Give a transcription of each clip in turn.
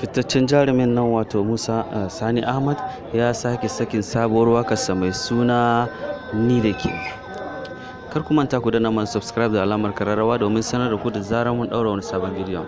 fitaccen jarumin nan wato musa eh, sani ahmad ya sake sakin sabuwar wakarsa mai suna ni da ke kar ku manta ku subscribe da alamar kararrawa domin sanar da ku da zarar mun daura wani sabon bidiyon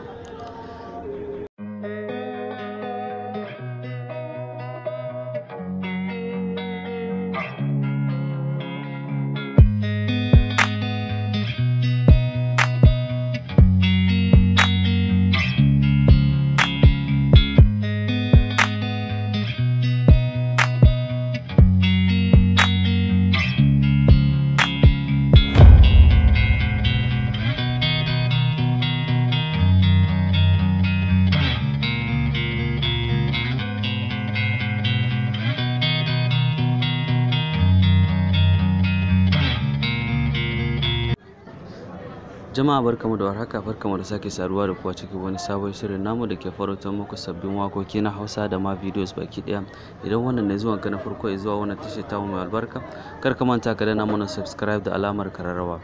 Jama'a barkamu da warhaka barkamu da sake saruwa da kuwa cikin wani sabon shirin namu da ke farautar muku sabbin wakoki na Hausa da ma videos baki daya. Idan wannan na zuwan ka na farko zuwa wannan tashar ta mai albarka, kar ka manta ka namu na subscribe da alamar kararrawa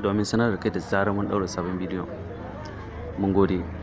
domin sanar da kai da zarar mun daura sabon bidiyo. Mun gode.